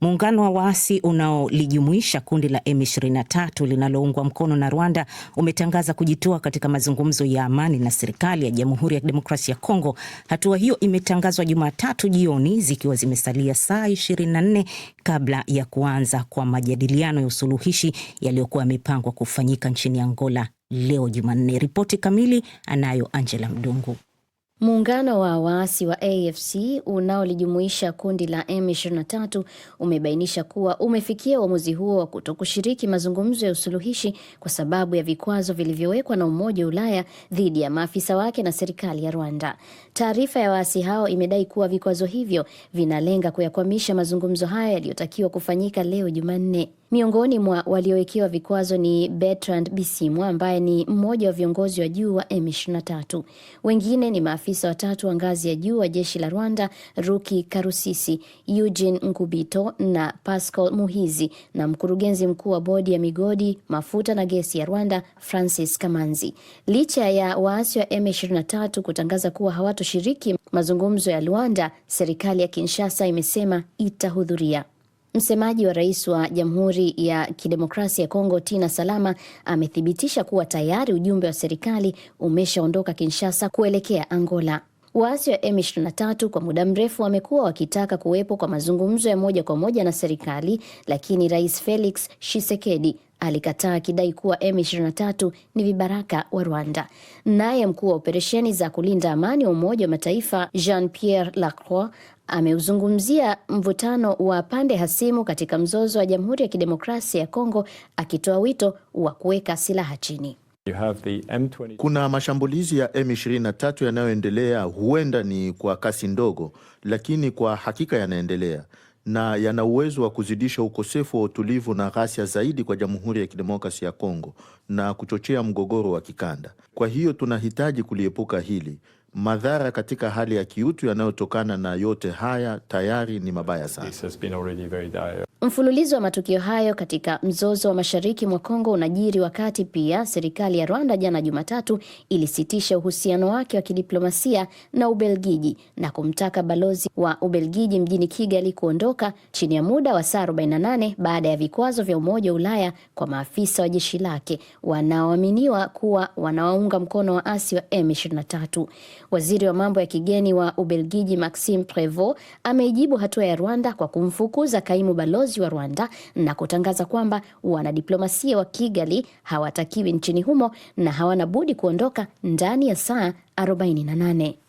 Muungano wa waasi unaolijumuisha kundi la M23 linaloungwa mkono na Rwanda umetangaza kujitoa katika mazungumzo ya amani na serikali ya Jamhuri ya Kidemokrasia ya Kongo. Hatua hiyo imetangazwa Jumatatu jioni zikiwa zimesalia saa 24 kabla ya kuanza kwa majadiliano ya usuluhishi yaliyokuwa yamepangwa kufanyika nchini Angola leo Jumanne. Ripoti kamili anayo Angela Mdungu. Muungano wa waasi wa AFC unaolijumuisha kundi la M23 umebainisha kuwa umefikia uamuzi huo wa kutokushiriki mazungumzo ya usuluhishi kwa sababu ya vikwazo vilivyowekwa na Umoja wa Ulaya dhidi ya maafisa wake na serikali ya Rwanda. Taarifa ya waasi hao imedai kuwa vikwazo hivyo vinalenga kuyakwamisha mazungumzo haya yaliyotakiwa kufanyika leo Jumanne. Miongoni mwa waliowekewa vikwazo ni Bertrand Bisimwa ambaye ni mmoja wa viongozi wa juu wa M23. Wengine ni maafisa watatu wa ngazi ya juu wa jeshi la Rwanda, Ruki Karusisi, Eugene Nkubito na Pascal Muhizi, na mkurugenzi mkuu wa bodi ya migodi, mafuta na gesi ya Rwanda, Francis Kamanzi. Licha ya waasi wa M23 kutangaza kuwa hawatoshiriki mazungumzo ya Luanda, serikali ya Kinshasa imesema itahudhuria. Msemaji wa rais wa Jamhuri ya Kidemokrasia ya Kongo Tina Salama amethibitisha kuwa tayari ujumbe wa serikali umeshaondoka Kinshasa kuelekea Angola. Waasi wa M23 kwa muda mrefu wamekuwa wakitaka kuwepo kwa mazungumzo ya moja kwa moja na serikali, lakini Rais Felix Tshisekedi alikataa akidai kuwa M23 ni vibaraka wa Rwanda. Naye mkuu wa operesheni za kulinda amani wa Umoja wa Mataifa Jean Pierre Lacroix ameuzungumzia mvutano wa pande hasimu katika mzozo wa Jamhuri ya Kidemokrasia ya Kongo akitoa wito wa kuweka silaha chini. Kuna mashambulizi ya M23 yanayoendelea, huenda ni kwa kasi ndogo, lakini kwa hakika yanaendelea na yana uwezo wa kuzidisha ukosefu wa utulivu na ghasia zaidi kwa Jamhuri ya Kidemokrasia ya Kongo na kuchochea mgogoro wa kikanda. Kwa hiyo tunahitaji kuliepuka hili Madhara katika hali ya kiutu yanayotokana na yote haya tayari ni mabaya sana. Mfululizo wa matukio hayo katika mzozo wa mashariki mwa Kongo unajiri wakati pia serikali ya Rwanda jana Jumatatu ilisitisha uhusiano wake wa kidiplomasia na Ubelgiji na kumtaka balozi wa Ubelgiji mjini Kigali kuondoka chini ya muda wa saa 48 baada ya vikwazo vya Umoja wa Ulaya kwa maafisa wa jeshi lake wanaoaminiwa kuwa wanawaunga mkono waasi wa M23. Waziri wa mambo ya kigeni wa Ubelgiji Maxime Prevot ameijibu hatua ya Rwanda kwa kumfukuza kaimu balozi wanajeshi wa Rwanda na kutangaza kwamba wanadiplomasia wa Kigali hawatakiwi nchini humo na hawana budi kuondoka ndani ya saa 48.